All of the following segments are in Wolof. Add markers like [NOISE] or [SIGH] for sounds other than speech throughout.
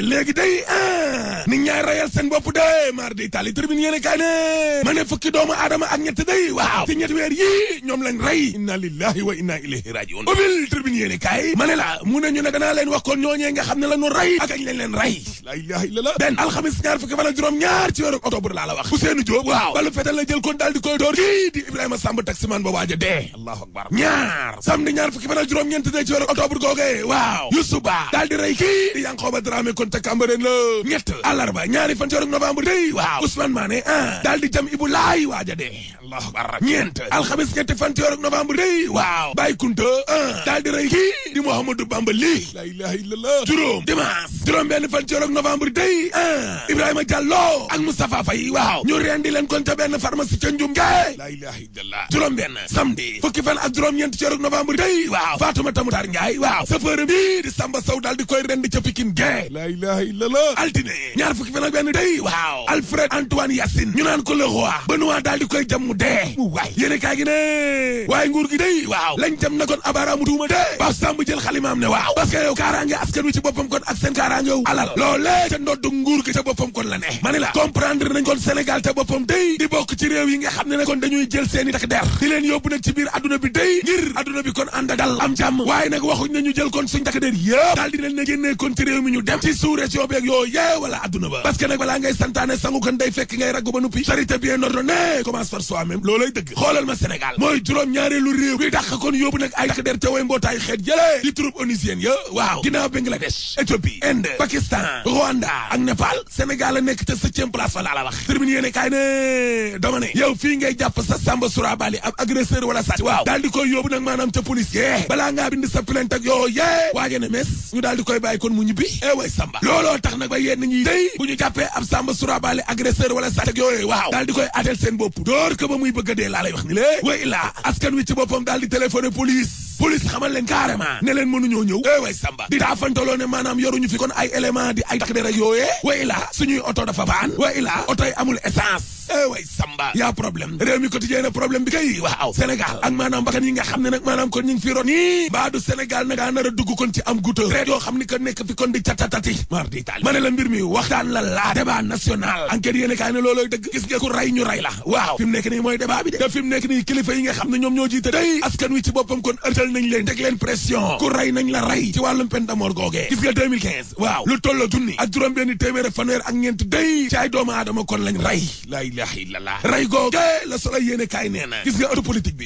léegi day ah nit ñaay rayal seen bopp de mar di tali tribune yéen kaay ne ma ne fukki doomu aadama ak ñett day waaw ci ñetti weer yii ñoom lañ rey inna lillahi wa inna ilayhi rajiun ubil tribune yéen kaay ma ne la mu ne ñu ne danaa leen wax kon ñooñee nga xam ne la ñu rey ak añ lañ leen rey la ilaha illa la benn alxamis ñaar fukki ci weeru octobre laa la wax Ousseynou Diop waaw balu fetal di koy kii di Ibrahima Samb ba waaja dee allahu akbar ñaar samedi ñaar fukki fan ak Ba daal di rey kii di Yankhoba Ndiaffane ca Cambérène la ñett àllarba ñaari fan ci weeru novembre day waaw Ousmane Mané ah daal di jam Ibou Laay waaja dee allahu akbar ñeent alxamis ñetti fan ci weeru novembre day waaw Baye Kunta ah daal di rey kii di Mouhamadou Bamba lii la ilaha illallah juróom dimanche juróom benn fan ci weeru novembre day ah Ibrahima Diallo ak Moustapha Faye waaw ñu rendi leen kon ca benn pharmacie ca Ndioum Ndiaye la ilaha illallah juróom benn samedi fukki fan ak juróom ñeent ci weeru novembre day waaw Fatoumata Moutar Ndiaye waaw chauffeur bi di Samba Sow daal di koy rendi ca Pikine Gueye ilaha illallah altine ñaar fukki fan ak benn day waaw Alfred Antoine Yacine ñu naan ko le roi Benoît daal di koy jam mu dee mu waay yéene kaa gi ne waaye nguur gi day waaw lañ jam na kon abaaraamu tuuma dee Pape Samb jël xalimaam ne waaw parce que yow kaaraange askan wi ci boppam kon ak seen kaaraange wu alal loolee ca ndodd nguur gi ca boppam kon la ne ma ne la comprendre nañ kon Sénégal te boppam day di bokk ci réew yi nga xam ne ne kon dañuy jël seen i tak der di leen yóbbu ci biir adduna bi day ngir bi kon ànd waaye nag waxuñ nañu jël kon suñ tak der yëpp daal di leen ne ñu dem sous région bi ak yooyu yee wala adduna ba parce que nag balaa ngay santaane sangu kan day fekk ngay raggu ba nuppi charité bien ordonnée commence par soi-même loolay dëgg xoolal ma Sénégal mooy juróom ñaareelu réew bi dàq kon yóbbu nag ay der te way mbootaay xeet jëlee di troupe onusienne ya waaw ginnaaw Bangladesh Éthiopie Inde Pakistan Rwanda ak Népal Sénégal a nekk te septième place fa laa la wax termine yéene kaay ne dama ne fii ngay jàpp Samba looloo tax nag ba yéen ñi tey bu ñu jàppee ab Samba Surabale agresseur wala sàcc ak waaw daal di koy atel seen bopp door ko ba muy bëgg dee laa lay wax ni lée way laa askan wi ci boppam daal di téléphoné police police xamal leen carrément ne leen mënuñoo ñëw eh way samba di daafantaloo ne maanaam yoruñu fi kon ay élément di ay takk der ak way la suñuy oto dafa baan way la oto amul essence eh way samba yaa problème réew mi quotidien na problème bi kay waaw Sénégal ak maanaam bakkan yi nga xam ne nag maanaam kon ñu fi ron nii mbaa du Sénégal nag daa dugg kon ci am guuta reet yoo xam ni ko nekk fi kon di catatati mar di taal ma ne la mbir mi waxtaan la laa ne loolooy dëgg gis tëral nañ leen teg leen pression ku rey nañ la rey ci wàllum peine de mort googee gis nga 2015 waaw bi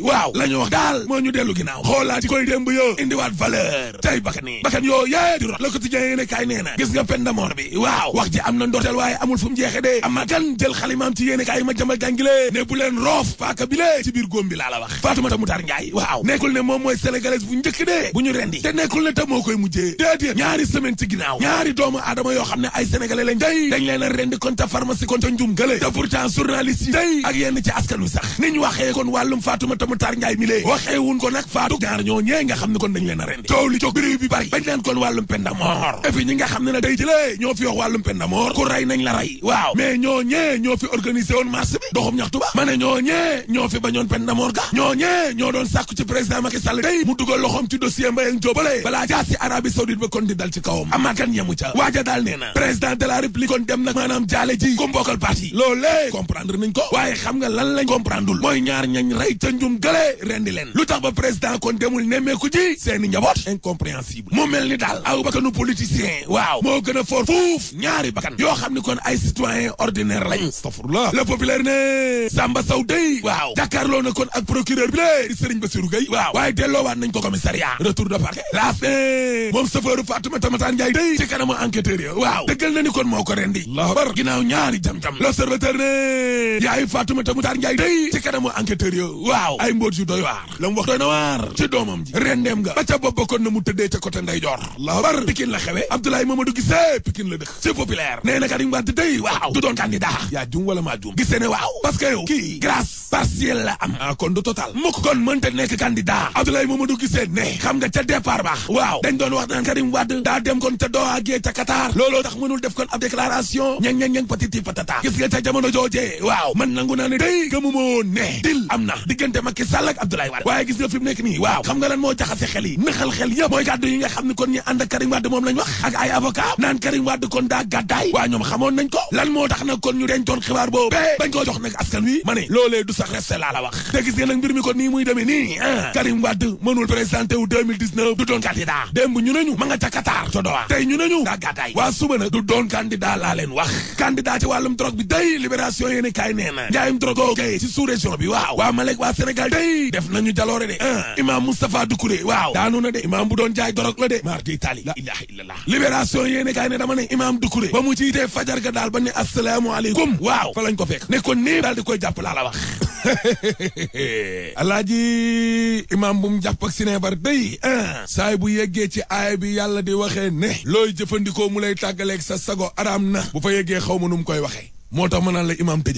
waaw la wax daal moo ñu dellu ginnaaw xoolaat ci koy démb yoo indiwaat valeur tey bakkan yoo yee di rot le quotidien yéene jeexe de ama kan jël xalimaam ci yéene ma jambal jàngile ne bu leen roof paaka bi lee ci biir góom laa la wax Fatoumata Moutar Ndiaye waaw nekkul ne moom mooy sénégalaise bu njëkk dee bu ñu rendi te nekkul ne te moo koy mujjee déedéet ñaari semaine ci ginnaaw ñaari doomu aadama yoo xam ne ay sénégalais lañ day dañ leen a rendi kon te pharmacie kon te njum gële te pourtant journaliste yi day ak yenn ci askan sax niñ waxee kon wàllum Fatoumata Matar Ndiaye mi lee waxee wuñ ko nag faatu ñaar ñoo ñee nga xam ne kon dañ leen a rendi coow li jóg réew bi bari bañ leen kon wàllum penda mort et ñoo fi wax wàllum penda mort ku rey nañ la rey waaw mais ñoo ñee ñoo fi organisé woon marche day mu dugal loxoom ci dossier Mbayang Njóobale balaa jaa si Arabie ba kon di dal ci kawam amaa kan yemu ca waaja daal nee président de la république kon dem nag maanaam jaale ji ko mbokkal parti loolee comprendre nañ ko waaye xam nga lan lañ comprendreul mooy ñaar ñañ rey ca njum gëlee rendi leen lu tax ba président kon demul nemmeeku ji seeni njaboot incompréhensible mu mel ni daal aw bakkanu politicien waaw moo gën a fort fuuf ñaari bakkan yoo xam ni kon ay citoyen ordinaire lañ astafurlah le populaire ne Samba Sow day waaw jàkkaarloo na kon ak procureur bi lée di Serigne Bassirou yóbbuwaat nañ ko commissariat retour de parquet laas moom safeeru Fatoumata Mataan Njaay day ci kanamu enquêteur ya waaw dëggal na ni kon moo ko rendi Allahu akbar ginnaaw ñaari jam-jam l'observateur ne yaayu Fatoumata Mataan Njaay day ci kanamu enquêteur ya waaw ay mbóot yu doy waar la mu wax doy na waar ci doomam ji rendeem nga ba ca kon na mu tëddee ca côté ndeyjoor Allahu akbar Pikine la la dëkk c'est populaire du doon candidat yaa jum wala maa jum Guissé ne waaw ah, du total mukk Mamadou Gisee ne xam nga ca départ baax waaw dañ doon wax naan Karim Wade daa dem kon ca Doha gee ca Qatar looloo tax mënul def kon ab déclaration ñeng ñeng ñeng patiti patata gis nga ca jamono joojee waaw man nangu naa ne day gëmuma woon ne dil am na diggante Macky Sall ak Abdoulaye Wade waaye gis nga fi mu nekk nii waaw xam nga lan moo jaxase xel yi naxal xel yëpp mooy kàddu yi nga xam ne kon ñu ànd ak Karim moom lañ wax ak ay avocat naan Karim Wade kon daa waa ñoom xamoon nañ ko lan moo tax nag eh, koo jox nag askan wi ma ne loolee du sax resté laa wax te gis nga nag mbir nii muy demee nii ah, mënul présenté wu 2019 du doon candidat démb ñu nañu ma nga ca Qatar ca Doha tey ñu nañu daa gàttaay waa suba nag du doon candidat laa wax candidat ci wàllum drogue bi day libération yéen kaay nee na njaayum drogue kay ci sous région bi waaw waa Malek waa Sénégal day def nañu jaloore de ah imam Moustapha waaw daanu de imam bu doon jaay drogue la de mardi tali la ilaha illallah libération yéen kaay ne dama ne imam Doucouré ba mu jiitee fajar ga daal ba ne asalaamaaleykum waaw fa lañ ko fekk ne ko nii daal di koy jàpp laa wax [LAUGHS] alaaji imaam bu mu jàpp ak sineebar day ah saay bu yeggee ci aay bi yàlla di waxe ne looy jëfandikoo mu lay tàggaleek sa sago araam na bu fa yeggee xaw ma nu mu koy waxee moo tax ma naan la imaam tëj